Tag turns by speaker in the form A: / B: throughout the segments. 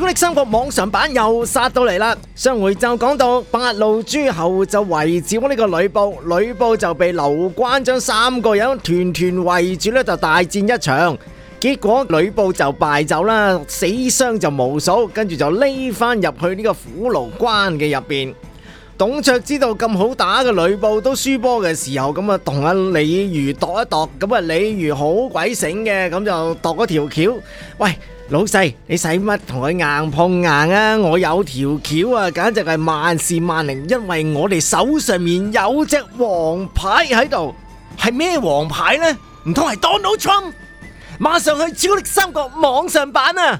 A: 朱古力三國網上版又殺到嚟啦！上回就講到八路諸侯就圍剿呢個呂布，呂布就被劉關張三個人團團圍住咧，就大戰一場。結果呂布就敗走啦，死傷就無數，跟住就匿翻入去呢個虎牢關嘅入邊。董卓知道咁好打嘅呂布都輸波嘅時候，咁啊同阿李儒度一度，咁啊李儒好鬼醒嘅，咁就度咗條橋。喂！老細，你使乜同佢硬碰硬啊？我有條橋啊，簡直係萬事萬靈，因為我哋手上面有隻王牌喺度。係咩王牌呢？唔通係 Donald Trump？馬上去朱古力三國網上版啊！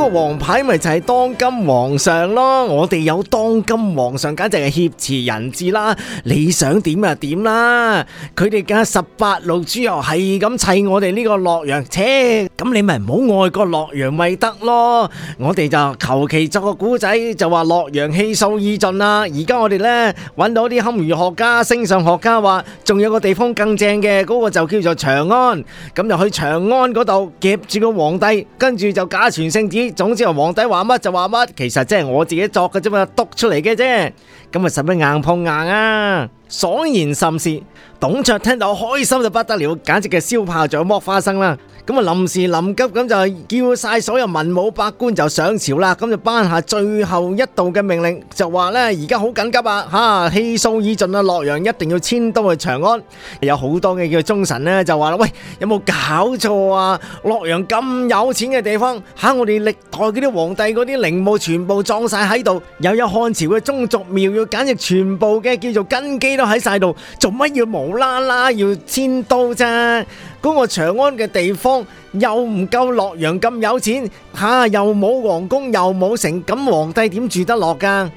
A: 個皇牌咪就係當今皇上咯，我哋有當今皇上，簡直係挾持人質啦！你想點就點啦？佢哋家十八路諸侯係咁砌我哋呢個洛陽，切咁你咪唔好愛過洛陽咪得咯！我哋就求其作個古仔，就話洛陽氣數已盡啦。而家我哋呢，搵到啲堪輿學家、星象學家話，仲有個地方更正嘅，嗰個就叫做長安。咁就去長安嗰度夾住個皇帝，跟住就假傳聖旨。總之，皇帝話乜就話乜，其實即係我自己作嘅啫嘛，督出嚟嘅啫，咁啊，使乜硬碰硬啊？所言甚是，董卓聽到開心就不得了，簡直係燒炮仗剝花生啦！咁啊臨時臨急咁就叫晒所有文武百官就上朝啦！咁就頒下最後一道嘅命令，就話咧而家好緊急啊！吓氣數已盡啊，洛陽一定要遷都去長安。有好多嘅叫做忠臣咧就話啦喂，有冇搞錯啊？洛陽咁有錢嘅地方吓，我哋歷代嗰啲皇帝嗰啲陵墓全部葬晒喺度，又有漢朝嘅宗族廟要，簡直全部嘅叫做根基。都喺晒度，做乜要無啦啦要遷都啫？嗰個長安嘅地方又唔夠洛陽咁有錢，吓又冇皇宮又冇城，咁皇帝點住得落噶？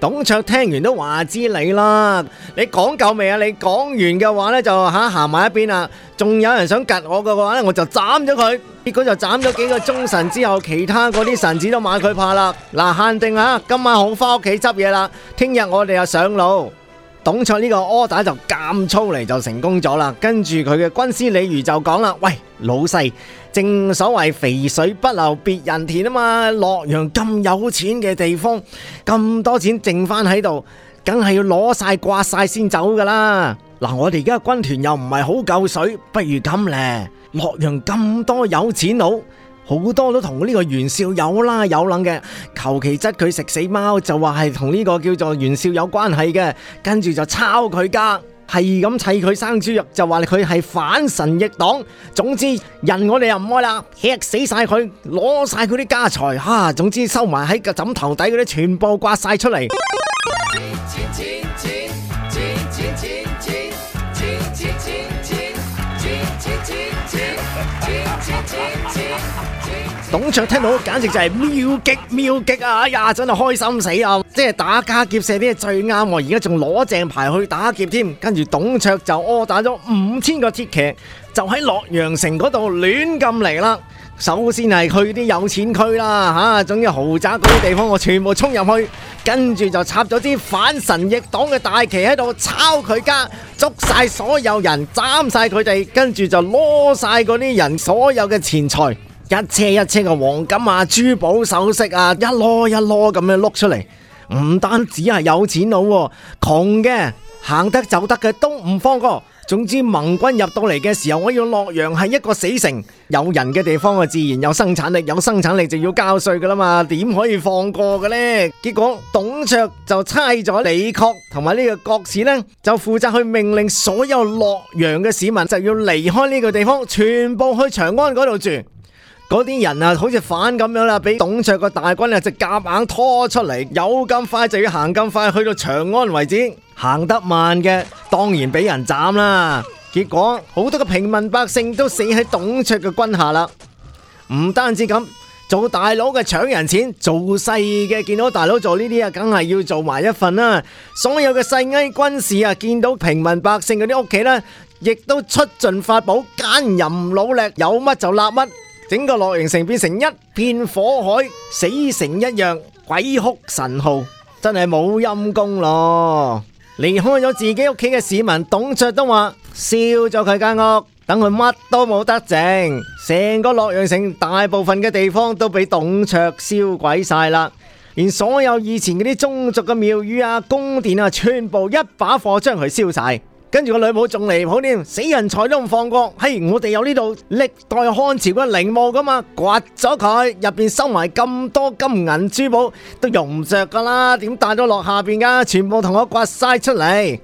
A: 董卓聽完都話知你啦，你講夠未啊？你講完嘅話咧就吓行埋一邊啦。仲有人想㓤我嘅話咧，我就斬咗佢。結果就斬咗幾個忠臣之後，其他嗰啲臣子都買佢怕啦。嗱，限定吓，今晚好翻屋企執嘢啦，聽日我哋又上路。董卓呢個柯打就咁粗嚟，就成功咗啦，跟住佢嘅軍師李儒就講啦：，喂，老細，正所謂肥水不流別人田啊嘛，洛陽咁有錢嘅地方，咁多錢剩翻喺度，梗係要攞晒刮晒先走噶啦。嗱，我哋而家軍團又唔係好夠水，不如咁咧，洛陽咁多有錢佬，好多都同呢個袁紹有啦有諗嘅，求其質佢食死貓，就話係同呢個叫做袁紹有關係嘅，跟住就抄佢家，係咁砌佢生豬肉，就話佢係反神逆黨。總之人我哋又唔愛啦，吃死晒佢，攞晒佢啲家財，吓、啊、總之收埋喺個枕頭底嗰啲全部刮晒出嚟。 董卓聽到簡直就係妙極妙極啊！哎呀，真係開心死啊！即係打家劫舍啲最啱，而家仲攞正牌去打劫添。跟住董卓就柯打咗五千個鐵騎，就喺洛陽城嗰度亂咁嚟啦。首先係去啲有錢區啦，吓，總之豪宅嗰啲地方，我全部衝入去，跟住就插咗支反神翼黨嘅大旗喺度抄佢家，捉晒所有人，斬晒佢哋，跟住就攞晒嗰啲人所有嘅錢財，一車一車嘅黃金啊、珠寶首飾啊，一籮一籮咁樣碌出嚟，唔單止係有錢佬，窮嘅行得走得嘅都唔放過。總之，盟軍入到嚟嘅時候，我要洛陽係一個死城，有人嘅地方啊，自然有生產力，有生產力就要交稅噶啦嘛，點可以放過嘅呢？結果董卓就差咗李傕同埋呢個郭汜呢，就負責去命令所有洛陽嘅市民就要離開呢個地方，全部去長安嗰度住。嗰啲人啊，好似反咁樣啦，俾董卓個大軍咧就夾硬拖出嚟，有咁快就要行咁快去到長安為止。行得慢嘅當然俾人斬啦，結果好多嘅平民百姓都死喺董卓嘅軍下啦。唔單止咁，做大佬嘅搶人錢，做細嘅見到大佬做呢啲啊，梗係要做埋一份啦。所有嘅細埃軍士啊，見到平民百姓嗰啲屋企呢，亦都出盡法寶，奸淫擄掠，有乜就立乜，整個洛陽城變成一片火海，死城一樣，鬼哭神號，真係冇陰功咯。離開咗自己屋企嘅市民，董卓都話燒咗佢間屋，等佢乜都冇得整。成個洛陽城大部分嘅地方都被董卓燒鬼晒啦，連所有以前嗰啲宗族嘅廟宇啊、宮殿啊，全部一把火將佢燒晒。跟住個女寶仲離譜添，死人才都唔放過。嘿，我哋有呢度歷代漢朝嘅陵墓噶嘛，刮咗佢入面收埋咁多金銀珠寶，都用唔着噶啦，點帶到落下邊噶？全部同我刮晒出嚟。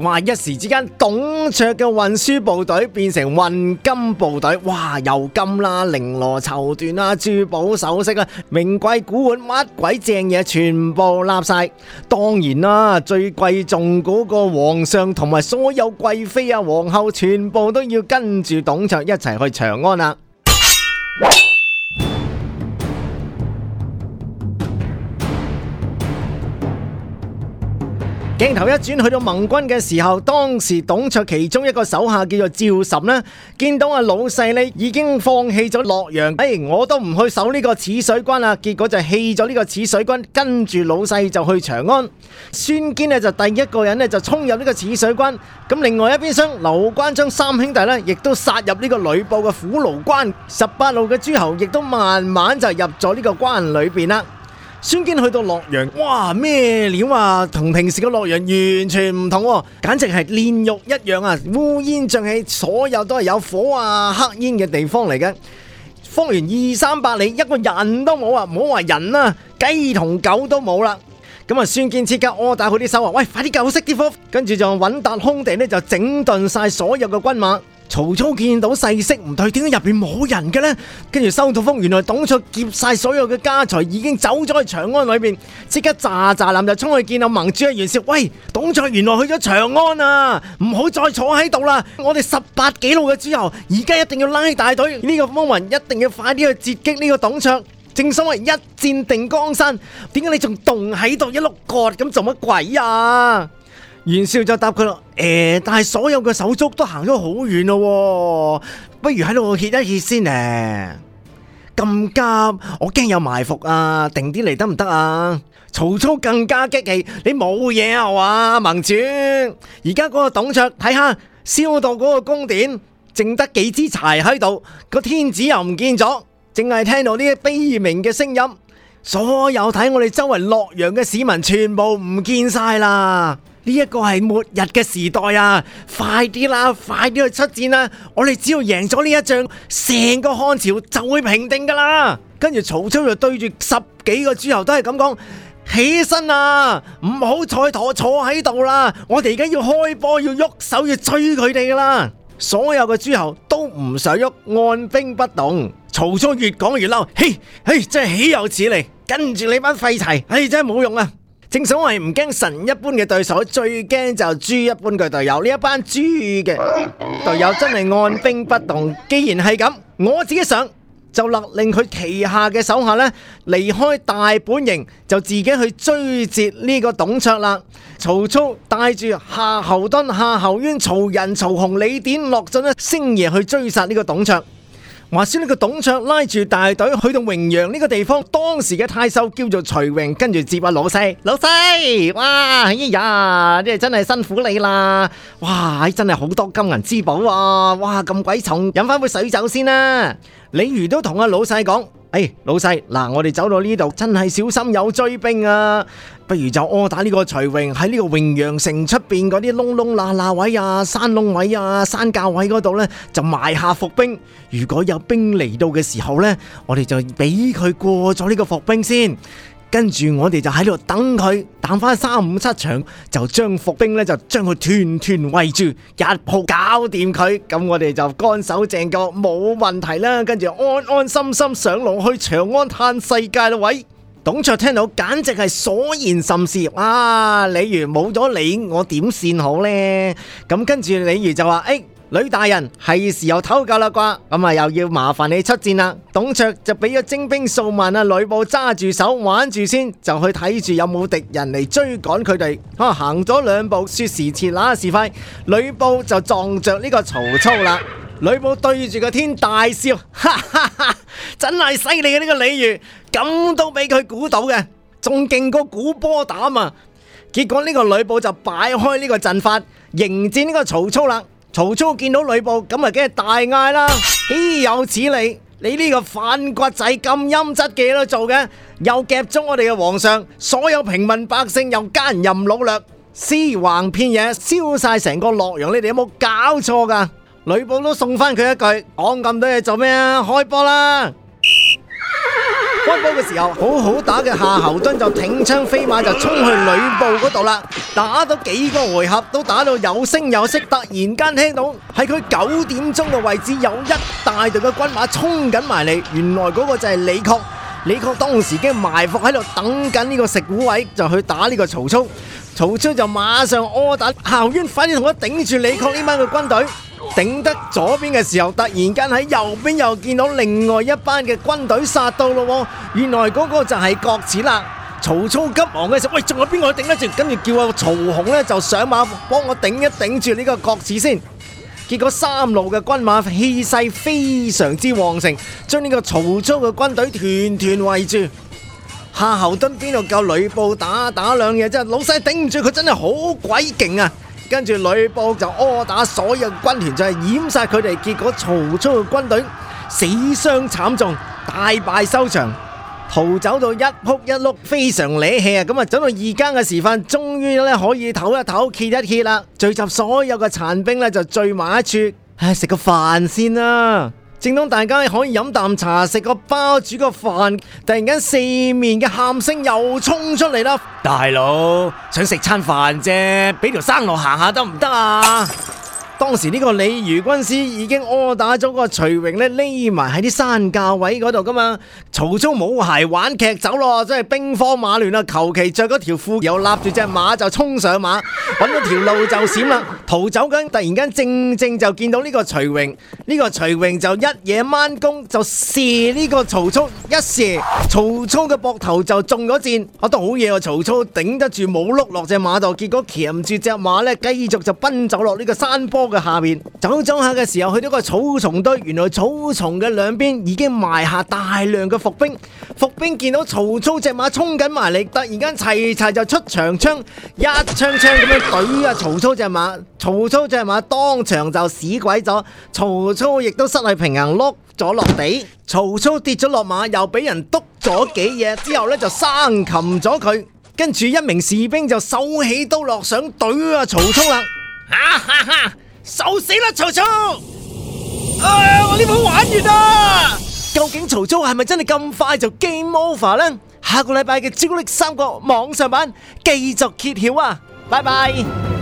A: 哇！一時之間，董卓嘅運輸部隊變成運金部隊，哇！有金啦，綾羅綢緞啦，珠寶首飾啊，名貴古玩乜鬼正嘢全部立晒。當然啦，最貴重嗰個皇上同埋所有貴妃啊、皇后，全部都要跟住董卓一齊去長安啦。 鏡頭一轉去到盟軍嘅時候，當時董卓其中一個手下叫做趙岑呢，見到阿老細呢已經放棄咗洛陽，哎，我都唔去守呢個汜水關啦，結果就棄咗呢個汜水關，跟住老細就去長安。孫堅呢就第一個人呢就衝入呢個汜水關，咁另外一邊廂劉關張三兄弟呢亦都殺入呢個呂布嘅虎牢關，十八路嘅諸侯亦都慢慢就入咗呢個關裏邊啦。孫堅去到洛陽，哇咩料啊，同平時嘅洛陽完全唔同喎，簡直係煉獄一樣啊！烏煙瘴氣，所有都係有火啊、黑煙嘅地方嚟嘅，方圓二三百里一個人都冇啊，唔好話人啊，雞同狗都冇啦。咁啊，孫堅即刻臥大佢啲手啊，喂，快啲救熄啲火。跟住就搵笪空地咧，就整頓晒所有嘅軍馬。曹操見到勢色唔對，點解入邊冇人嘅呢？跟住收到風，原來董卓劫晒所有嘅家財，已經走咗去長安裏面。即刻咋咋林就衝去見阿盟主袁紹，喂，董卓原來去咗長安啊！唔好再坐喺度啦，我哋十八幾路嘅諸侯，而家一定要拉起大隊，呢、這個風雲一定要快啲去截擊呢個董卓。正所謂一戰定江山，點解你仲凍喺度一碌葛咁做乜鬼啊？袁紹就答佢咯，誒、哎，但係所有嘅手足都行咗好遠咯，不如喺度歇一歇先呢，咁急，我驚有埋伏啊！定啲嚟得唔得啊？曹操更加激氣，你冇嘢啊，嘛，盟主。而家嗰個董卓睇下燒到嗰個宮殿，淨得幾支柴喺度，個天子又唔見咗，淨係聽到呢啲悲鳴嘅聲音，所有睇我哋周圍洛陽嘅市民全部唔見晒啦。呢一個係末日嘅時代啊！快啲啦，快啲去出戰啦！我哋只要贏咗呢一仗，成個漢朝就會平定噶啦。跟住曹操就對住十幾個諸侯都係咁講：起身啊，唔好再坐坐喺度啦！我哋而家要開波，要喐手，要追佢哋噶啦！所有嘅諸侯都唔想喐，按兵不動。曹操越講越嬲，嘿，嘿，真係豈有此理！跟住你班廢柴，唉、哎，真係冇用啊！正所謂唔驚神一般嘅對手，最驚就豬一般嘅隊友。呢一班豬嘅隊友真係按兵不動。既然係咁，我自己想就勒令佢旗下嘅手下呢，離開大本營，就自己去追截呢個董卓啦。曹操帶住夏侯惇、夏侯淵、曹仁、曹洪、李典、樂進呢，星夜去追殺呢個董卓。話說呢個董卓拉住大隊去到滎陽呢個地方，當時嘅太守叫做徐榮，跟住接阿老細。老細，哇，哎呀，即係真係辛苦你啦。哇，真係好多金銀珠寶啊！哇，咁鬼重，飲翻杯水酒先啦。李儒都同阿老細講，哎，老細，嗱，我哋走到呢度，真係小心有追兵啊！不如就柯打呢個徐榮喺呢個榮陽城出邊嗰啲窿窿罅罅位啊、山窿位啊、山架位嗰度呢，就埋下伏兵。如果有兵嚟到嘅時候呢，我哋就俾佢過咗呢個伏兵先。跟住我哋就喺度等佢等翻三五七場，就將伏兵呢，就將佢團團圍住，一鋪搞掂佢。咁我哋就乾手正腳冇問題啦。跟住安安心心上路去長安嘆世界咯，喂！董卓聽到簡直係所言甚是啊！李儒冇咗你，我點算好呢？」咁跟住李儒就話：，哎，呂大人係時候偷夠啦啩？咁啊又要麻煩你出戰啦！董卓就俾咗精兵數萬啊，呂布揸住手玩住先，就去睇住有冇敵人嚟追趕佢哋。啊，行咗兩步，說時遲那時快，呂布就撞着呢個曹操啦！呂布對住個天大笑，哈哈哈，哈！真係犀利嘅，呢個李儒，咁都俾佢估到嘅，仲勁過估波膽啊！結果呢個呂布就擺開呢個陣法，迎戰呢個曹操啦。曹操見到呂布，咁啊，梗係大嗌啦！豈有此理！你呢個反骨仔咁陰質嘅都做嘅，又夾中我哋嘅皇上，所有平民百姓又奸淫擄掠，屍橫遍野，燒晒成個洛陽，你哋有冇搞錯噶？呂布都送翻佢一句，講咁多嘢做咩啊？開波啦！開波嘅時候，好好打嘅夏侯惇就挺槍飛馬就衝去呂布嗰度啦。打咗幾個回合都打到有聲有色，突然間聽到喺佢九點鐘嘅位置有一大隊嘅軍馬衝緊埋嚟。原來嗰個就係李榷，李榷當時已經埋伏喺度等緊呢個石虎位，就去打呢個曹操。曹操就馬上屙打，夏侯淵反而同佢頂住李榷呢班嘅軍隊。頂得左邊嘅時候，突然間喺右邊又見到另外一班嘅軍隊殺到咯。原來嗰個就係郭汜啦。曹操急忙嘅時候，喂，仲有邊個頂得住？跟住叫阿曹洪呢就上馬幫我頂一頂住呢個郭汜先。結果三路嘅軍馬氣勢非常之旺盛，將呢個曹操嘅軍隊團團圍住。夏侯惇邊度夠呂布打打兩嘢啫？老細頂唔住，佢真係好鬼勁啊！跟住，呂布就柯打，打所有軍團，就係、是、掩殺佢哋，結果曹操嘅軍隊死傷慘重，大敗收場，逃走到一仆一碌，非常惹氣啊！咁啊，走到而家嘅時分，終於咧可以唞一唞，歇一歇啦，聚集所有嘅殘兵咧就聚埋一處，唉，食個飯先啦。正當大家可以飲啖茶、食個包、煮個飯，突然間四面嘅喊聲又衝出嚟啦！大佬，想食餐飯啫，俾條生路走走行下得唔得啊？當時呢個李儒軍師已經窩打咗個徐榮咧，匿埋喺啲山窖位嗰度噶嘛。曹操冇鞋玩劇走咯，真係兵荒馬亂啊！求其着咗條褲，又立住隻馬就衝上馬，揾到條路就閃啦，逃走緊。突然間正正就見到呢個徐榮，呢個徐榮就一嘢掹弓就射呢個曹操，一射曹操嘅膊頭就中咗箭，我都好嘢啊，曹操頂得住冇碌落隻馬度，結果鉗住隻馬咧，繼續就奔走落呢個山坡嘅下邊，走走下嘅時候去到個草叢堆，原來草叢嘅兩邊已經埋下大量嘅。伏兵，伏兵見到曹操隻馬衝緊埋嚟，突然間齊齊就出長槍，一槍槍咁樣懟啊！曹操隻馬，曹操隻馬當場就死鬼咗，曹操亦都失去平衡碌咗落，落地。曹操跌咗落馬，又俾人督咗幾嘢之後呢，就生擒咗佢。跟住一名士兵就手起刀落，想懟阿、啊、曹操啦！哈哈哈，受死啦曹操！哎、啊、呀，我呢鋪玩完啦！究竟曹操係咪真係咁快就 game over 呢？下個禮拜嘅《朱古力三國》網上版繼續揭曉啊！拜拜。